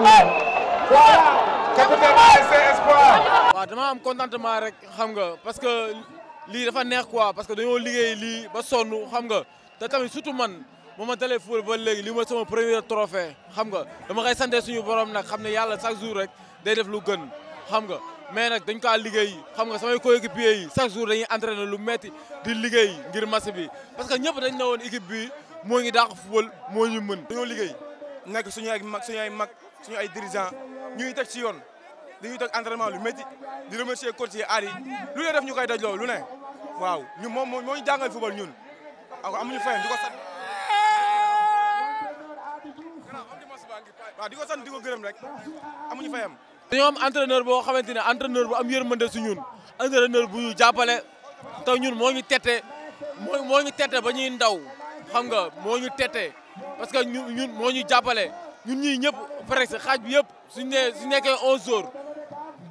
Niang. capitaine dama am contentement rek xam nga parce que lii dafa neex quoi parce que dañoo liggéey lii ba sonn xam nga te tamit surtout man bu ma dalee football ba léegi lii mooy sama premier trophée xam nga dama koy sante suñu borom nag xam ne yàlla chaque jour rek day def lu gën xam nga. mais nag dañ kaa liggéey xam nga samay coéquipiers yi chaque jour dañuy entraîné lu metti di liggéey ngir match bi parce que ñëpp dañ ne woon équipe bi moo ngi dàq football moo ñu mën. dañoo liggéey nekk mag suñu ay dirigeant ñu ngi teg ci yoon dañuy teg entraînement lu métti di remercier coach yi aar yi lu ne def ñu koy daj loolu lu ne waaw ñu moom moo ñu jàngal football ñun ak amuñu fayam di ko sant waaw di ko sant di ko gërëm rek amuñu fayam dañoo am entraîneur boo xamante ne entraîneur bu am yërmande su ñun entraîneur bu ñu jàppale te ñun moo ñu tette moo ñu tette ba ñuy ndaw xam nga moo ñu tette parce que ñun moo ñu jàppale ñun ñii ñëpp presque xaaj bi yëpp suñ nee su nekkee onze jours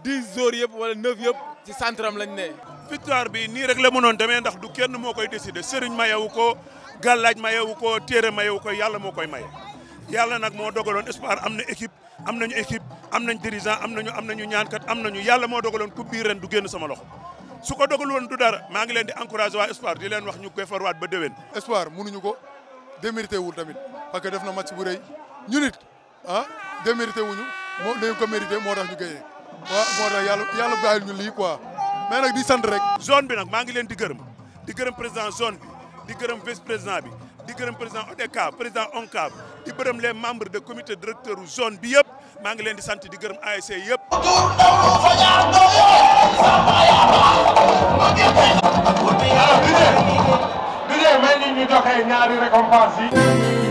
dix jours yëpp wala neuf yëpp ci centre lañ ne. victoire bi nii rek la mënoon demee ndax du kenn moo koy décider sëriñ mayewu ko gàllaaj mayewu ko téere mayewu ko yàlla moo koy maye. yàlla nag moo dogaloon espoir am na équipe am nañu équipe am nañ dirigeant am nañu am nañu ñaankat am nañu yàlla moo dogaloon coupe bii ren du génn sama loxo su ko dogaloon du dara maa ngi leen di encouragé waa espoir di leen wax ñu koy farwaat ba déwén. espoir mënuñu ko démérité wul tamit parce que def na match bu rëy. ñu nit ah démérité wuñu moo dañu ko moo tax ñu géyee waaw moo tax yàlla yàlla bàyyil lii quoi mais nag di sant rek zone bi nag maa ngi leen di gërëm di gërëm président zone bi di gërëm vice président bi di gërëm président ODECA président ONCAV di gërëm les membres de comité directeur zone bi yëpp maa ngi leen di sant di gërëm ASC yëpp. ñu joxe ñaari récompense yi.